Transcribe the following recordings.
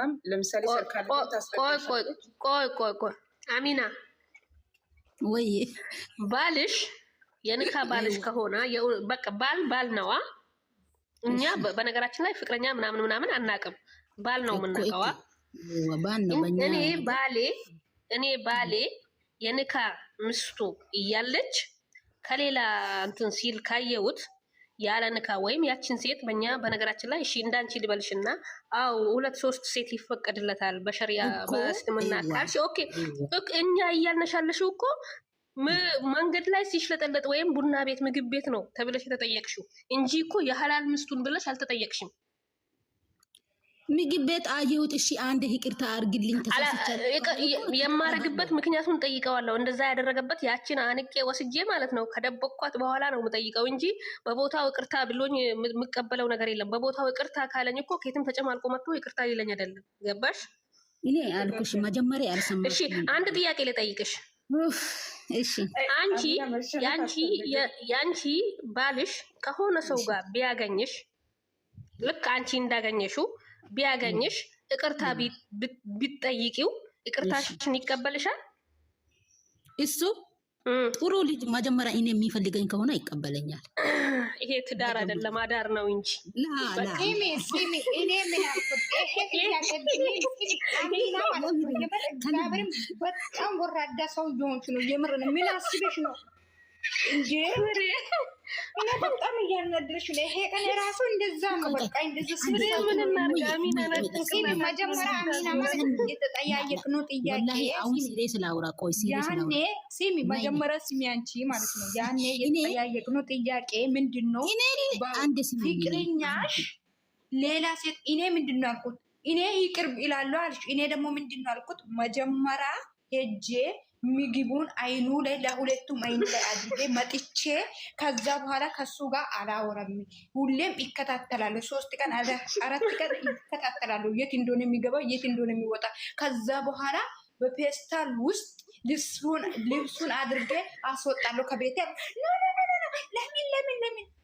አይሰማም። ለምሳሌ ቆይ ቆይ ቆይ አሚና ወይ ባልሽ የንካ ባልሽ ከሆነ በቃ ባል ባል ነዋ። እኛ በነገራችን ላይ ፍቅረኛ ምናምን ምናምን አናቅም። ባል ነው የምናውቀዋ። እኔ ባሌ እኔ ባሌ የንካ ምስቱ እያለች ከሌላ እንትን ሲል ካየሁት ያለ ንካ ወይም ያችን ሴት በእኛ በነገራችን ላይ እሺ እንዳንቺ ልበልሽና፣ አው ሁለት ሶስት ሴት ይፈቀድለታል በሸሪያ በእስልምና ካልሽ፣ ኦኬ እኛ እያልነሻለሽ እኮ መንገድ ላይ ሲሽለጠለጥ ወይም ቡና ቤት ምግብ ቤት ነው ተብለሽ የተጠየቅሽው እንጂ እኮ የሀላል ምስቱን ብለሽ አልተጠየቅሽም። ምግብ ቤት አየሁት። እሺ አንድ ይቅርታ አድርግልኝ። የማረግበት ምክንያቱን ጠይቀዋለሁ። እንደዛ ያደረገበት ያችን አንቄ ወስጄ ማለት ነው ከደበኳት በኋላ ነው የምጠይቀው እንጂ በቦታው ይቅርታ ብሎኝ የምቀበለው ነገር የለም። በቦታው ይቅርታ ካለኝ እኮ ከየትም ተጨማልቆ መጥቶ ይቅርታ ሊለኝ አይደለም። ገባሽ? እኔ አልኩሽ መጀመሪያ ያልሰማ። እሺ አንድ ጥያቄ ልጠይቅሽ። አንቺ የአንቺ ባልሽ ከሆነ ሰው ጋር ቢያገኝሽ ልክ አንቺ እንዳገኘሽው ቢያገኝሽ ይቅርታ ቢጠይቂው ይቅርታሽን ይቀበልሻል? እሱ ጥሩ ልጅ መጀመሪያ እኔ የሚፈልገኝ ከሆነ ይቀበለኛል። ይሄ ትዳር አይደለም አዳር ነው እንጂ በጣም ወራዳ ሰው የሆንች ነው። የምር ነው። ነው? በጣም እያናደረች ነው። ይሄ ቀን ራሱ እንደዛ ነው። በቃ እንደዚህ መጀመሪያ አሚና ማለት የተጠያየቅ ነው ጥያቄ። አሁን ስላውራ ቆይ ያኔ ሲሚ መጀመሪያ ሲሚ አንቺ ማለት ነው። ያኔ የተጠያየቅ ነው ጥያቄ ምንድን ነው ፍቅረኛሽ ሌላ ሴት እኔ ምንድን ነው ያልኩት፣ እኔ ይቅርብ ይላሉ አልሽ። እኔ ደግሞ ምንድን ነው ያልኩት መጀመሪያ ሄጄ ምግቡን አይኑ ላይ ለሁለቱም አይኑ ላይ አድርጌ መጥቼ ከዛ በኋላ ከሱ ጋር አላወራም። ሁሌም ይከታተላለሁ። ሶስት ቀን አራት ቀን ይከታተላለሁ፣ የት እንደሆነ የሚገባ የት እንደሆነ የሚወጣ። ከዛ በኋላ በፔስታል ውስጥ ልብሱን አድርጌ አስወጣለሁ ከቤቴ ለምን ለምን ለምን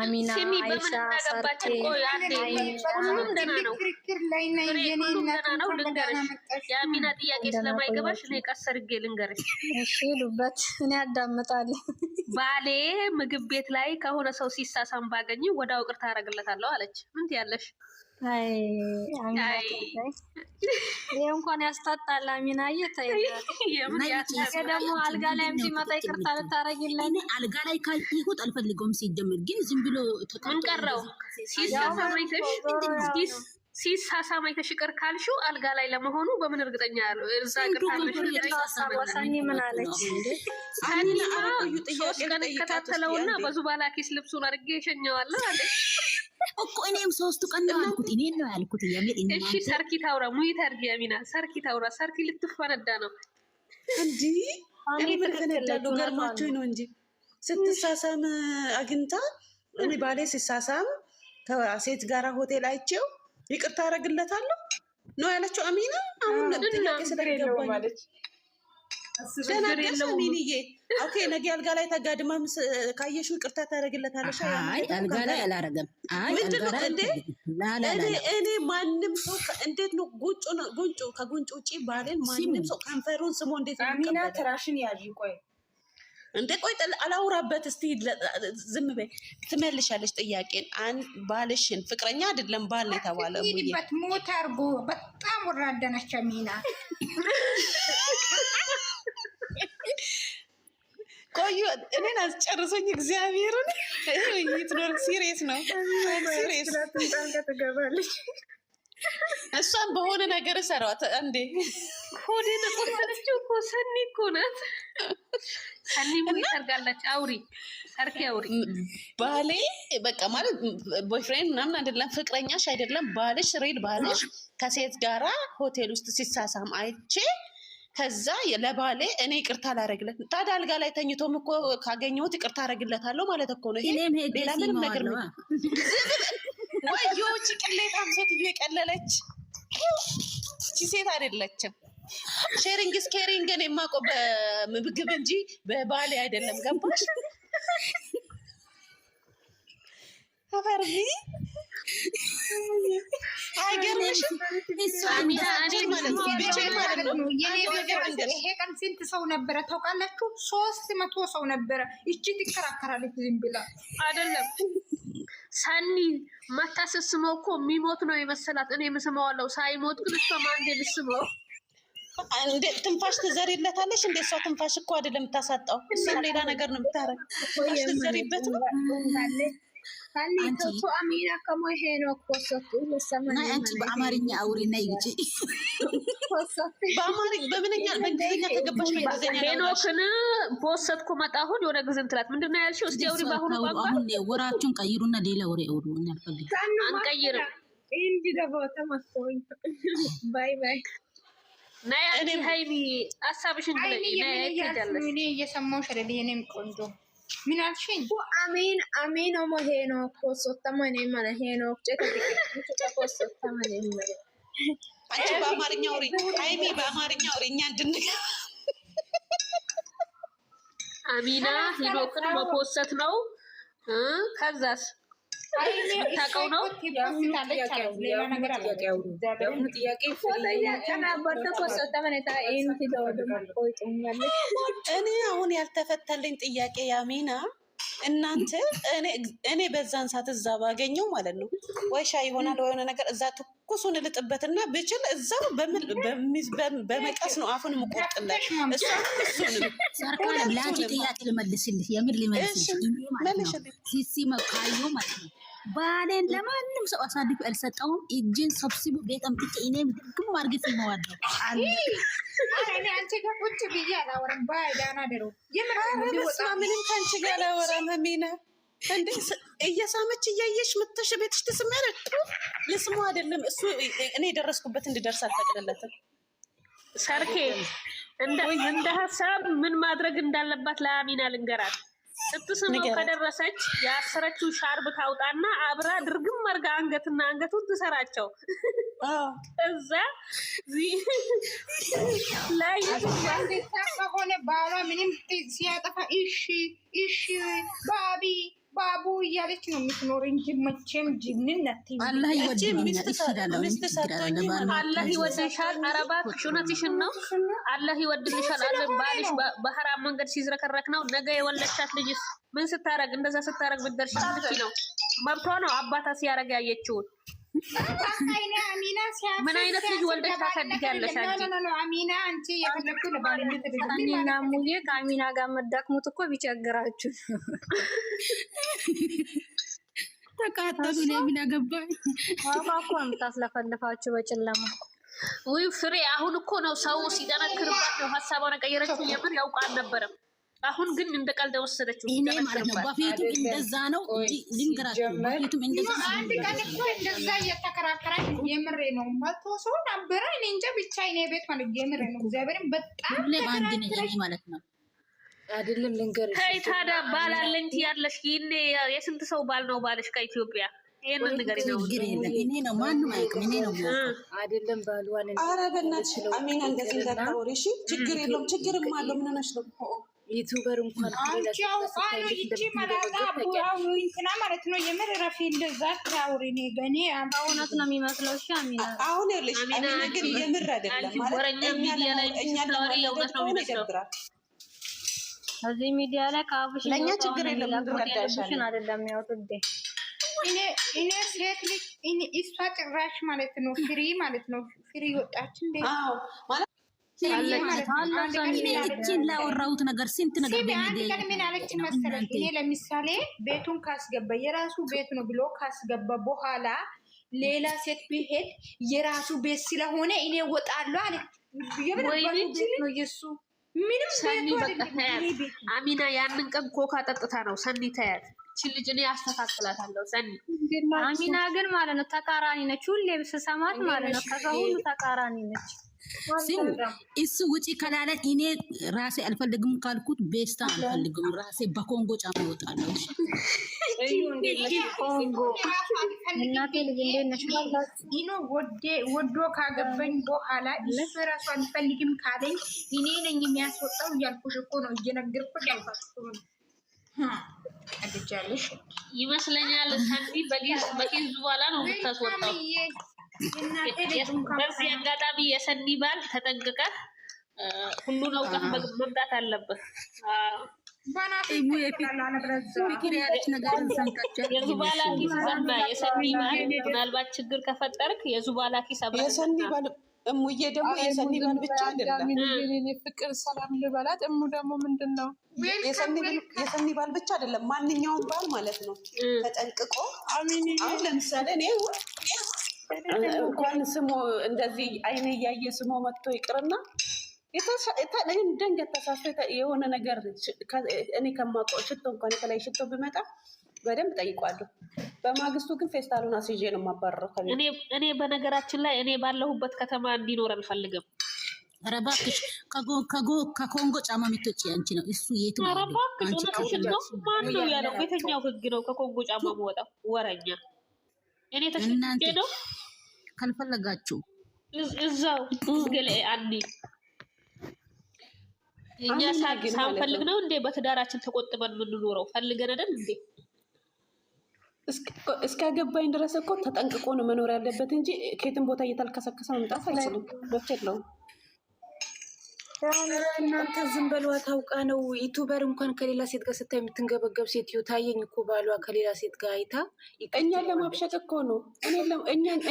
አሚና ክርክር ላይ የአሚና ጥያቄ ስለማይገባሽ እኔ ሉበት እኔ አዳምጣለሁ። ባሌ ምግብ ቤት ላይ ከሆነ ሰው ሲሳሳም ባገኝ ወደ አውቅርታ ታደርግለታለሁ አለች። ምን ትያለሽ? ይሄ እንኳን ያስታጣል። አሚናዬ ደግሞ አልጋ ላይ ሲመጣ ይቅርታ ልታረጊለን። አልጋ ላይ ካየሁት አልፈልገውም። ሲጀምር ግን ዝም ብሎ ተቀምቀረው ሲሳሳም አይተሽ ይቅር ካልሽው አልጋ ላይ ለመሆኑ በምን እርግጠኛ ያለው እዛ ቅርታሳሳኒ ምን አለች? ሶስት ቀን እከታተለውና በዙባላኪስ ልብሱን አድርጌ እሸኘዋለሁ አለች። እኮ እኔም ሶስቱ ቀን ነው ያልኩት። እኔ ነው ያልኩት። እሺ ሰርኪ ታውራ ሙይ ተርጊ ያሚና ሰርኪ ታውራ ሰርኪ ልትፈነዳ ነው እንጂ እኔ ምርፈነዳሉ ገርማችሁ ነው እንጂ ስትሳሳም አግኝታ እኔ ባሌ ሲሳሳም ከሴት ጋራ ሆቴል አይቼው ይቅርታ አረግለታለሁ ነው ያለችው። አሚና አሁን ጥያቄ ስለገባኝ ደነገሽ ኦኬ ነገ አልጋ ላይ ተጋድማም ካየሽው ይቅርታ ታደርግለታለሽ። አልጋ ላይ አላረገም። እኔ ማንም ሰው እንዴት ነው ጉንጩ ጉንጩ ከጉንጭ ውጭ ባሌን ማንም ሰው ከንፈሩን ስሞ እንዴት ነው ሚና ትራሽን ያዥ ቆይ እንደ ቆይ አላውራበት እስቲ ዝም በይ። ትመልሻለች ጥያቄን። ባልሽን ፍቅረኛ አይደለም ባል የተባለ ሞት በጣም ወራዳ ሚና ቆዩ እኔን አስጨርሶኝ እግዚአብሔርን ውይይት ኖር ሲሪየስ ነው ሲሪየስ እሷን በሆነ ነገር ሰሯት እንዴ ሆዴ ተቆማለችው እኮ ሰኒ እኮ ናት። ሰኒ ሙይ ሰርጋለች። አውሪ ሰርኪ አውሪ። ባሌ በቃ ማለት ቦይፍሬንድ ምናምን አይደለም፣ ፍቅረኛሽ አይደለም፣ ባልሽ ሬድ ባልሽ ከሴት ጋራ ሆቴል ውስጥ ሲሳሳም አይቼ ከዛ ለባሌ እኔ ይቅርታ ላረግለት ታዲያ አልጋ ላይ ተኝቶም እኮ ካገኘሁት ይቅርታ አረግለታለሁ ማለት እኮ ነው። ይሄ ሌላ ምንም ነገር ነው። ወየውች ቅሌታም ሴትዮ የቀለለች ቺ ሴት አይደለችም። ሼሪንግ ስኬሪንግን ኬሪንግን የማውቀው በምግብ እንጂ በባሌ አይደለም። ገባሽ አፈርቢ አይገርምሽም? ይሄ ቀን ስንት ሰው ነበረ ታውቃላችሁ? ሶስት መቶ ሰው ነበረ። እቺ ትከራከራለች ዝም ብላ አይደለም። ሰኒ መታስስመው እኮ የሚሞት ነው የመሰላት። እኔ የምስመዋለው ሳይሞት ግን እሷ ማንዴ ልስመው እንደ ትንፋሽ ትዘሪለታለሽ እንዴ? እሷ ትንፋሽ እኮ አይደለም የምታሳጣው፣ እሷ ሌላ ነገር ነው የምታረግ። ትንፋሽ ትዘሪበት ነው አንቺ በአማርኛ አውሪና ይግጭ። በምንኛ በእንግሊዝኛ ተገባሽ ሄኖክን በወሰድኩ መጣ። አሁን የሆነ ጊዜ እንትላት ምንድን ነው ያልሽው? እስኪ አውሪ በአሁኑ ቋንቋ። አሁን ወራችሁን ቀይሩና ሌላ ወሬ አውሩ። አልፈልግም፣ አንቀይርም። ባይ ባይ ነይ ሀይሚ ሀሳብሽን ብለሽ ነይ። እየሰማሁሽ አይደል? የእኔም ቆንጆ ምን አልሽኝ? አሜን አሜን ኦሞ ሄኖክ ኮሶተመኔ መነ ሄኖክ ጨተኮሶተመኔ መነ በአማርኛ ውሪ፣ አይሚ በአማርኛ ውሪ። እኛ እንድንገ አሚና ሄኖክን መኮሰት ነው። ከዛስ እኔ አሁን ያልተፈታልኝ ጥያቄ ያሚና እናንተ እኔ በዛን ሰዓት እዛ ባገኘው ማለት ነው ወይ ሻይ ይሆናል ወይ የሆነ ነገር እዛ ትኩሱን ልጥበትና ብችል እዛው በመቀስ ነው አፉን ምቆርጥለት። እሷንም እሱንም ጥያቄ ልመልስልህ፣ የምር ልመልስልህ ሲሲ መካዩ ማለት ነው ባሌን ለማንም ሰው አሳልፌ አልሰጠውም። እጅን ሰብስቦ ቤት አምጥቼ እኔ ግም አድርጌ ስመዋለሁ። እኔ አንቺ ጋር ቁጭ ብዬ አላወራም። ባዳና ደሮ ምንም ከአንቺ ጋር አላወራም። ሚና እንደ እየሳመች እያየሽ ምተሽ ቤትሽ ትስሚያለሽ። ልስሙ አይደለም እሱ እኔ የደረስኩበት እንድደርስ አልፈቅድለትም። ሰርኬ እንደ ሀሳብ ምን ማድረግ እንዳለባት ለአሚና ልንገራት ስትስመው ከደረሰች የአሰረችው ሻርብ ታውጣና አብራ ድርግም መርጋ አንገትና አንገቱን ትሰራቸው። እዛ ላይ ሆነ ባሏ ምንም ሲያጠፋ እሺ እሺ ባቢ ባቡ እያለች ነው የምትኖር እንጂ መቼም ጅንን አላህ ይወድሻል። አረባክሽ እውነትሽን ነው። አላህ ይወድልሻል። አለ ባልሽ በሐራም መንገድ ሲዝረከረክ ነው። ነገ የወለድሻት ልጅ ምን ስታረግ እንደዛ ስታረግ ብደርሻ ነው መብቷ ነው። አባታ ሲያረግ ያየችውን ምን አይነት ልጅ ወልደሽ ታሳድጋለሽ? እኔና ሙዬ ከአሚና ጋር መዳቅሙት እኮ ቢቸግራችሁ ተቃጠሉ። አባ እኮ የምታስለፈልፋችሁ በጨለማ ውይ ፍሬ። አሁን እኮ ነው ሰው ሲጠነክርባቸው ሀሳቧን ቀየረችው። የምር ያውቃ አልነበረም አሁን ግን እንደ ቀልድ ወሰደችው። እኔ ማለት ነው በፊቱ እንደዛ ነው ልንገራችሁ። በፊቱም እንደዛ ነው። አንድ ቀን እኮ እንደዛ እየተከራከራኝ የምሬ ነው መቶ ሰው ነበረ። እኔ እንጃ ብቻ እኔ ቤት ማለት የምሬ ነው እግዚአብሔርም በጣም ለባንድ ነኝ ማለት ነው አይደለም ልንገርሽ። ተይ ታዲያ ባላለኝ ያለሽ ይሄኔ የስንት ሰው ባል ነው ባለሽ ከኢትዮጵያ ይሄንን ነገር ነው እኔ ነው ማንም አይቅም። እኔ ነው አይደለም ባልዋን። ኧረ በእናትሽ አሜና እንደዚህ እንዳታወሪ ችግር የለም። ችግርም አለው ምን ነሽ ነው ዩቱበር እንኳን እንትና ማለት ነው። የምር ረፊ እንደዛ አታውሪ። ኔ በእኔ እውነት ነው የሚመስለው። እሺ አሚና፣ አሁን ይኸውልሽ አሚና ግን የምር አይደለም እኛ ነው እዚህ ሚዲያ ላይ ከአብሽ ለእኛ ችግር የለም አደለም አይደለም እኔ ሴት ልጅ እሷ ጭራሽ ማለት ነው ፍሪ ማለት ነው ፍሪ ወጣች እንዴ ማለት ያለችን ላወራሁት ነገር ስንት ነገር አንድ ቀን ምን አለች መሰለች፣ እኔ ለምሳሌ ቤቱን ካስገባ የራሱ ቤት ነው ብሎ ካስገባ በኋላ ሌላ ሴት ቢሄድ የራሱ ቤት ስለሆነ እኔ ወጣለሁ አለ። የሱ ምንም አሚና ያንን ቀን ኮካ ጠጥታ ነው ሰኒ ተያት። ይቺ ልጅ እኔ አስተካክላታለሁ። ሰኒ አሚና ግን ማለት ነው ተቃራኒ ነች። ሁሌ ስሰማት ማለት ነው ከሰው ሁሉ ተቃራኒ ነች። እሱ ውጪ ከላለ እኔ ራሴ አልፈልግም ካልኩት ቤስታ አልፈልግም። ራሴ በኮንጎ ጫማ ወጣለሁ። ወዶ ካገባኝ በኋላ እሱ ራሱ አልፈልግም ካለኝ እኔ ነኝ የሚያስወጣው እያልኩሽ እኮ ነው እየነገርኩሽ ያልኳችሁ ነው። ይመስለኛል በኋላ ነው የምታስወጣው በዚህ አጋጣሚ የሰኒ ባል ተጠንቅቀ ሁሉን አውቀህ መምጣት አለብህ። የዙባላ ኪስ ዘና የሰኒ ባል ምናልባት ችግር ከፈጠርክ የዙባላ ኪስ እሙዬ ደግሞ የሰኒ ባል ብቻ አይደለም። ፍቅር ሰላም ልበላት። እሙ ደግሞ ምንድን ነው የሰኒ ባል ብቻ አይደለም፣ ማንኛውም ባል ማለት ነው። ተጠንቅቆ አሁን ለምሳሌ እኔ እንኳን ስሙ እንደዚህ አይነ እያየ ስሙ መጥቶ ይቅርና ደንገት ተሳስቶ የሆነ ነገር እኔ ሽቶ እንኳን የተለያየ ሽቶ ብመጣ በደንብ ጠይቋለሁ። በማግስቱ ግን ፌስታሉን አስይዤ ነው የማባረረው። እኔ በነገራችን ላይ እኔ ባለሁበት ከተማ እንዲኖር አልፈልግም። ኧረ እባክሽ ከኮንጎ ጫማ የምትወጪ አንቺ ነው እሱ የት ነው? ኧረ እባክሽ እውነትሽን ነው። ያለው? የተኛው ህግ ነው ከኮንጎ ጫማ መወጣው? ወረኛ እኔ ተሽ ነው ካልፈለጋችሁ እዛው ገለ አንዴ እኛ ሳንፈልግ ነው እንዴ በትዳራችን ተቆጥበን የምንኖረው? ፈልገን አይደል እንዴ? እስካገባኝ ድረስ እኮ ተጠንቅቆ ነው መኖር ያለበት እንጂ ከየትም ቦታ እየተልከሰከሰ መምጣት አይችልም። ዶክተር ነው እናንተ ዝም በሏ። ታውቃ ነው ዩቱበር እንኳን ከሌላ ሴት ጋር ስታይ የምትንገበገብ ሴትዮ ታየኝ እኮ ባሏ ከሌላ ሴት ጋር አይታ እኛን ለማብሸቅ እኮ ነው።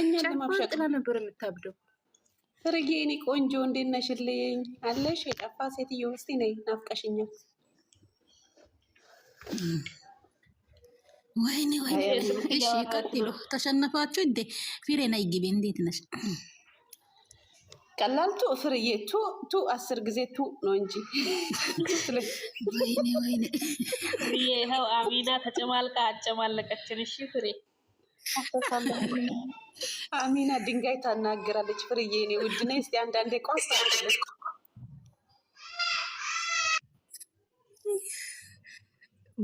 እኛን ለማብሸቅ ነበር የምታብደው። ፍርጌ እኔ ቆንጆ እንዴት ነሽልኝ? አለሽ የጠፋ ሴትዮ እስቲ ነ ናፍቀሽኛል። ወይኔ ወይ፣ እሺ ቀጥሎ ተሸነፋችሁ እንዴ? ፊሬ ነይ ግቢ። እንዴት ነሽ? ቀላልቱ ፍርዬ ቱ ቱ አስር ጊዜ ቱ ነው እንጂ ፍርዬ ይኸው አሚና ተጨማልቃ አጨማለቀችን። እሺ ፍሬ አሚና ድንጋይ ታናግራለች። ፍርዬ እኔ ውድ ስ አንዳንዴ ቋስ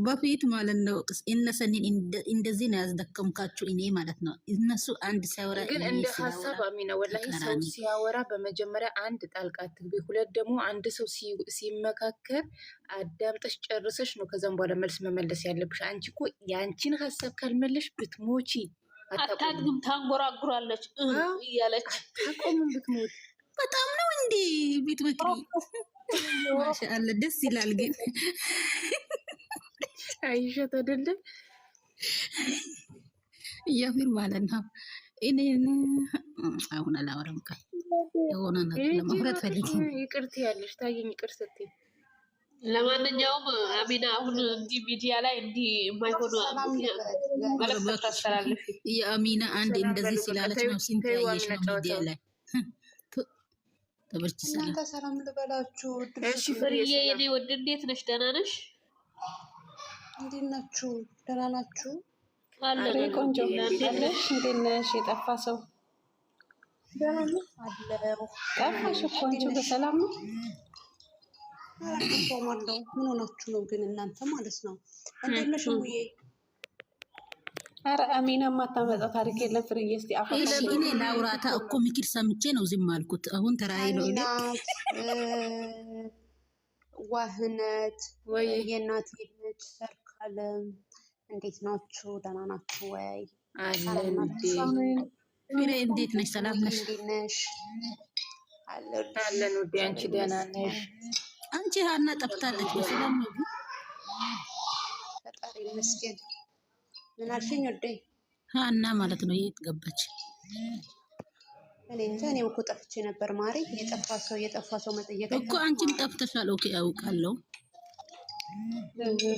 በፊት ማለት ነው እነሰኒን እንደዚህ ነው ያስደከምካችሁ፣ እኔ ማለት ነው እነሱ አንድ ሲያወራ ግን እንደ ሀሳብ አሚና ወላሂ ሰው ሲያወራ በመጀመሪያ አንድ ጣልቃ አትግቢ፣ ሁለት ደግሞ አንድ ሰው ሲመካከር አዳምጠሽ ጨርሰሽ ነው ከዛም በኋላ መልስ መመለስ ያለብሽ። አንቺ እኮ የአንቺን ሀሳብ ካልመለሽ ብትሞቺ አታግም፣ ታንጎራጉራለች እያለች አቆምም ብትሞት በጣም ነው እንዴ ቤት መክሪ ማሻአላ ደስ ይላል ግን አይሸት አይደለም እያምር ማለት ነው። እኔን አሁን አላወራም። ቃል የሆነ ለማውራት ፈልጌ ይቅርት ያለሽ ታየኝ ይቅር ስትይ ለማንኛውም አሚና አሁን እንዲህ ሚዲያ ላይ እንዲህ የማይሆኑ ታስተላለፊ የአሚና አንድ እንደዚህ ስላለች ነው ስንት ያየሽ ነው ሚዲያ ላይ ተበርች እሺ ፍርዬ የኔ ወድ እንዴት ነሽ? ደህና ነሽ? እንዴት ናችሁ? ደህና ናችሁ? ቆንጆ እንዴት ነሽ? የጠፋ ሰው ጠፋሽ እኮ በሰላም ነው? ቆማለሁ። ምን ሆናችሁ ነው ግን እናንተ ማለት ነው? እንዴት ነሽ ሙዬ? አረ አሚና ማታመጣው ታሪክ የለም። ፍርዬ እስቲ አፈሽ እኔ ላውራታ እኮ ምክር ሰምቼ ነው ዝም አልኩት። አሁን ተራይ ነው ዋህነት ወይ የእናቴ ልጅ ይባላል። እንዴት ናችሁ? ደህና ናችሁ ወይ? እንዴት ነሽ? ሰላም ነሽ? አለን ውዴ። አንቺ ደህና ነሽ? አንቺ ሀና ጠፍታለች። በሰላም ነው? ፈጣሪ ይመስገን። ምን አልሽኝ ውዴ? ሀና ማለት ነው። የት ገባች? እኔ እንጃ። እኔም እኮ ጠፍቼ ነበር ማሪ። የጠፋ ሰው የጠፋ ሰው መጠየቅ እኮ አንቺም ጠፍተሻል። ኦኬ፣ አውቃለሁ።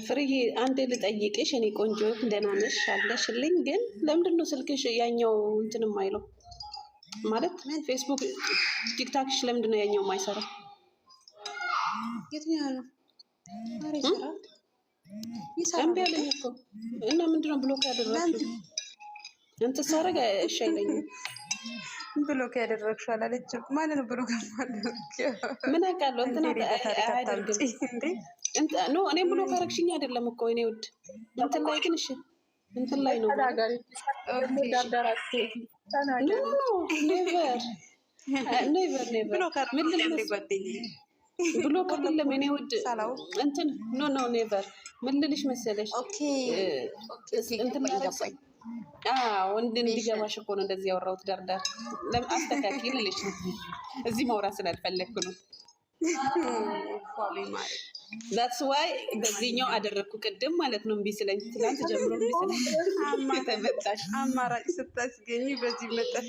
ፍርዬ አንድ ልጠይቅሽ፣ እኔ ቆንጆ ደህና ነሽ አለሽልኝ። ግን ለምንድን ነው ስልክሽ ያኛው እንትን የማይለው ማለት ፌስቡክ፣ ቲክታክሽ ለምንድን ነው ያኛው የማይሰራ? እምቢ አለኝ እኮ እና ምንድን ነው ብሎክ ያደረግሽው? እንትን ሳደርግ እሺ አይለኝም። ብሎክ ያደረግሽው አላለችም። ማንን ብሎክ ምን አውቃለሁ? እንትን አያደርግም ኖ እኔ ብሎ ከረግሽኝ አይደለም እኮ እኔ ውድ እንትን ላይ ግን እሺ እንትን ላይ ነው ብሎ ከለም እኔ ውድ እንትን ኖ ኖ ኔቨር ምን ልልሽ መሰለሽ እንትን ወንድ እንዲገባሽ እኮ ነው እንደዚህ ያወራሁት። ዳርዳር አስተካኪ ልልሽ እዚህ ማውራት ስላልፈለግኩ ነው። ዛትስ ዋይ በዚህኛው አደረግኩ ቅድም ማለት ነው። እምቢ ስለኝ ትናንት ጀምሮ እምቢ ስለኝ ተመጣሽ አማራጭ ስታስገኝ በዚህ መጣሽ።